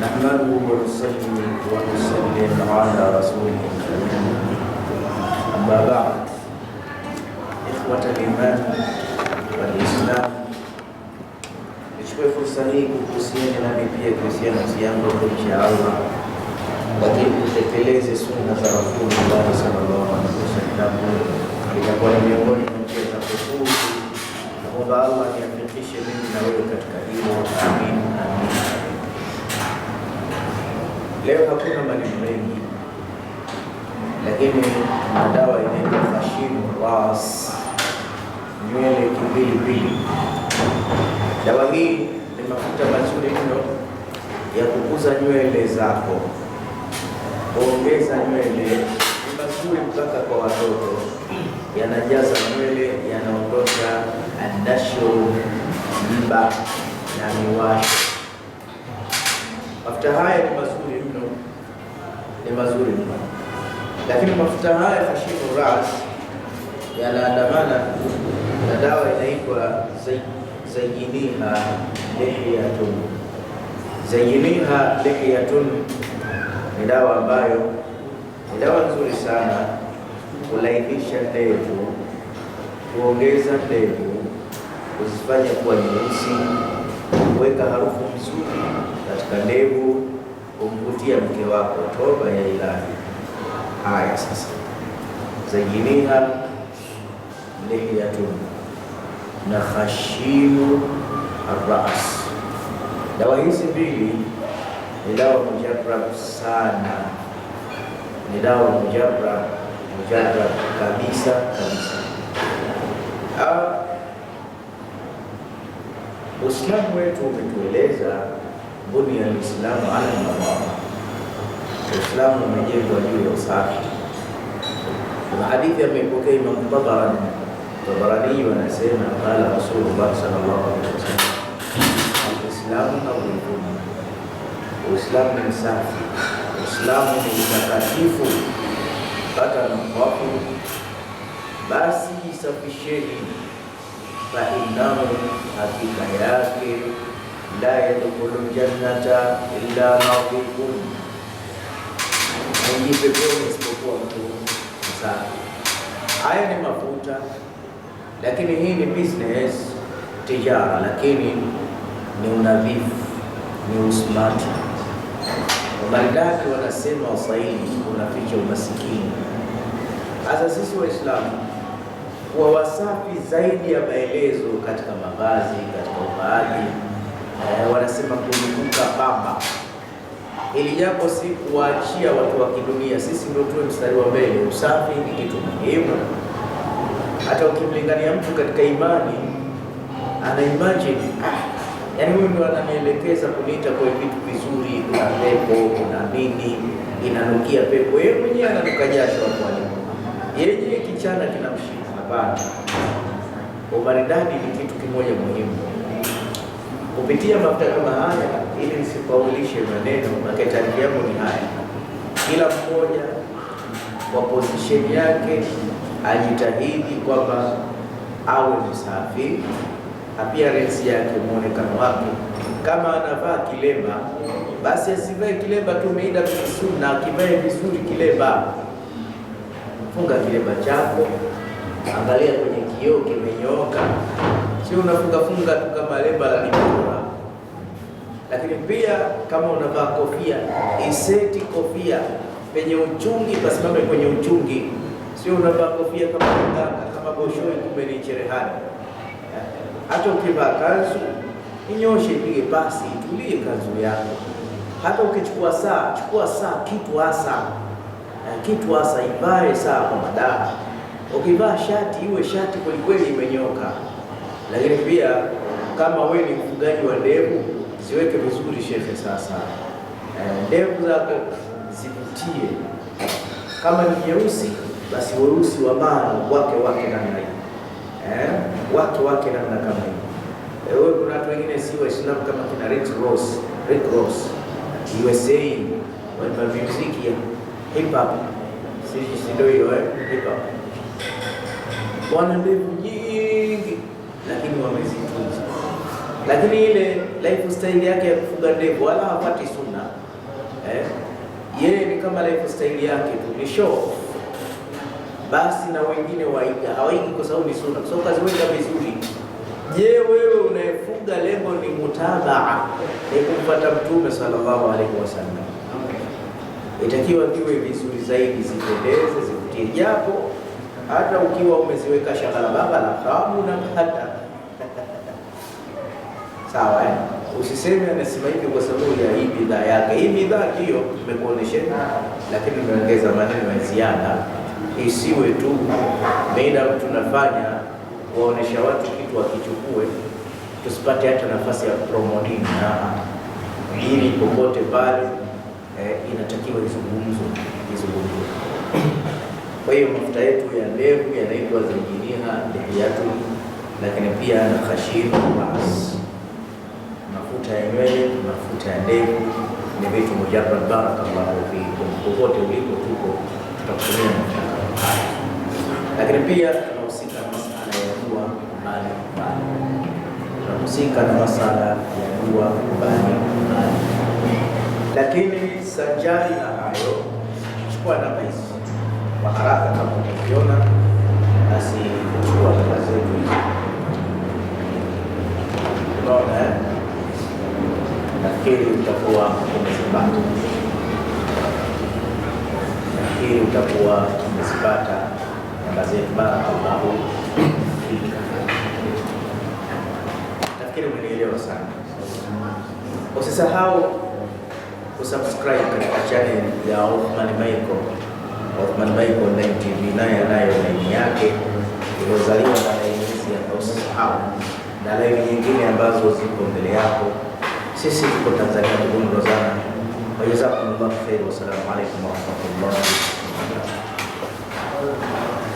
نحمده ونصلي ونسلم على رسوله الكريم أما بعد إخوة الإيمان والإسلام nichukue fursa hii kuhusiana nami pia kuhusiana nafsi yangu insha Allah watekeleze sunna za Rasulullah sallallahu alaihi wasallam itakuwa ni miongoni mwa njia za kufuzu. Naomba Allah niafikishe mimi na wewe katika hilo. Amin, amin. Leo hakuna maneno mengi, lakini na dawa inaitwa Khashimu Ras, nywele kipilipili. Dawa hii ni mafuta mazuri mno ya kukuza nywele zako, kuongeza nywele, ni mazuri mpaka kwa watoto, yanajaza nywele, yanaondosha andasho, mba na miwasho mafuta haya ni mazuri mno, ni mazuri mno, lakini mafuta haya kashifu ras yanaandamana na dawa inaitwa zayiniha lihiyatun. Zayiniha lihiyatun ni dawa ambayo ni dawa nzuri sana kulainisha ndevu, kuongeza ndevu, kuzifanya kuwa nyeusi kuweka harufu nzuri katika ndevu, kumvutia mke wako. Toba ya ilahi. Haya sasa, zajiniha lihiyatun na khashimu arras. Dawa hizi mbili ni dawa mujabra sana, ni dawa mujabra mujabra kabisa kabisa. Ah, Uislamu wetu umetueleza ya Uislamu ala nawaha, Uislamu umejengwa juu ya usafi. Kuna hadithi ameipokea Imam Tabarani, Tabarani anasema qala Rasulullah sallallahu alaihi wasallam, alislamu nawikuma, Uislamu ni safi, Uislamu ni mtakatifu mpaka na kwaku, basi safisheni fainnahu, hakika yake, la yadkhulu ljannata illa mafikum, haingii peponi isipokuwa mtu msafi. Haya ni mafuta, lakini hii ni business tijara, lakini ni unadhifu, ni usmati. Wamaridadi wanasema Waswahili unaficha umasikini. Hasa sisi Waislamu kuwa wasafi zaidi ya maelezo katika mavazi, katika uvaaji. E, wanasema kuzunguka pamba. Ili japo si kuwaachia watu wa kidunia, sisi ndio tuwe mstari wa mbele. Usafi ni kitu muhimu. Hata ukimlingania mtu katika imani, ana imagine ah, yani huyu ndio ananielekeza kuniita kwa vitu vizuri, kuna pepo, kuna nini, inanukia pepo. Yeye mwenyewe ananuka jasho hapo, yeye kichana kinamshika habari. Umaridadi ni kitu kimoja muhimu. Kupitia mafuta kama haya, ili nisipaulishe maneno, maketani yangu ni haya, kila mmoja kwa position yake ajitahidi kwamba awe msafi, appearance yake, muonekano wake. Kama anavaa kilemba, basi asivae kilemba tu meida vizuri, na akivae vizuri kilemba, funga kilemba chako angalia kwenye kioo kimenyooka, si unafungafunga tu kama leba la nipora. Lakini pia kama unavaa kofia, iseti kofia penye uchungi, pasimame kwenye uchungi, sio unavaa kofia kama mganga, kama boshoi, kumbe ni cherehani. Hata ukivaa kanzu inyoshe, ipige pasi, itulie kanzu yako. Hata ukichukua saa, chukua saa kitu hasa, kitu hasa, ivae saa kwa madaha Ukivaa shati iwe shati kwelikweli imenyoka, lakini pia kama wewe ni mfugaji wa ndevu ziweke vizuri shehe. Sasa eh, ndevu zako zivutie, kama ni nyeusi basi weusi wa mara wake wake namna hii eh, wake wake namna kama hii. Eh, wewe kuna watu wengine si Waislamu kama kina Rick Ross, Rick Ross USA wa muziki ya hip hop, si ndio hiyo eh, hip hop wana ndevu nyingi, lakini wamezitunza, lakini ile lifestyle yake ya kufuga ndevu wala hapati sunna eh? Yeye ni kama lifestyle yake tu, ni show basi, na wengine waiga, hawaigi kwa sababu ni sunna, kwa sababu kaziweka vizuri. Je, wewe unayefuga lengo ni mutabaa, ni kumpata Mtume sallallahu alaihi wasallam, itakiwa kiwe vizuri zaidi, zipendeze, zikutie japo hata ukiwa umeziweka shakalababala hamuna sawa eh? Usiseme anasema hivi kwa sababu ya hii bidhaa yake. Hii bidhaa hiyo tumekuoneshana, lakini umeongeza maneno ya ziada, isiwe tu meida tunafanya kuwaonesha watu kitu wakichukue, tusipate hata nafasi ya promoting na ili popote pale eh, inatakiwa izungumzwe izungumzwe kwa hiyo mafuta yetu ya mbegu yanaitwa zinjiniha lihiyatu, lakini pia na khashinu baas, mafuta ya nywele, mafuta ya ndevu ni vitu mujarrad. Barakallahu fiikum, popote ulipo tuko tutakutumia mafuta haya, lakini pia tunahusika masala ya dua mbali kubali, tunahusika na masala ya dua mbali mbali, lakini sanjari na hayo chukua na haraka kama unavyoona, basi kuchukua data zetu hizi, unaona eh, nafikiri utakuwa umezipata, nafikiri utakuwa umezipata data zetu. Barakallahu fika, nafikiri umenielewa sana. Usisahau kusubscribe katika channel ya Othman Michael Othman Baik Online TV naye anayo laini yake iliyozaliwa na laini hizi ambaosisahau na laini nyingine ambazo ziko mbele yako. Sisi tuko Tanzania, tukumrozana wajazakumullahu kheri. Wassalamu alaikum warahmatullahi wabarakatuh.